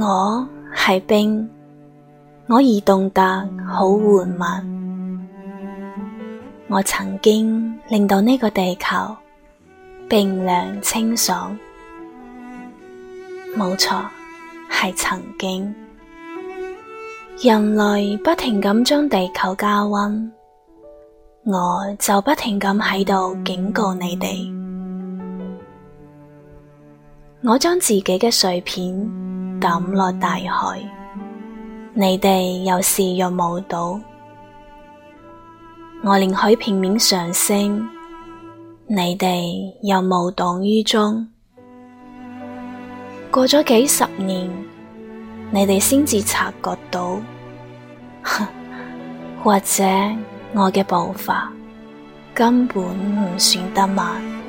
我係冰，我移動得好緩慢。我曾經令到呢個地球冰涼清爽，冇錯係曾經。人類不停咁將地球加溫，我就不停咁喺度警告你哋。我將自己嘅碎片，揼落大海，你哋又視若無睹；我令海平面上升，你哋又無動於衷。過咗幾十年，你哋先至察覺到， 或者我嘅步伐根本唔算得慢。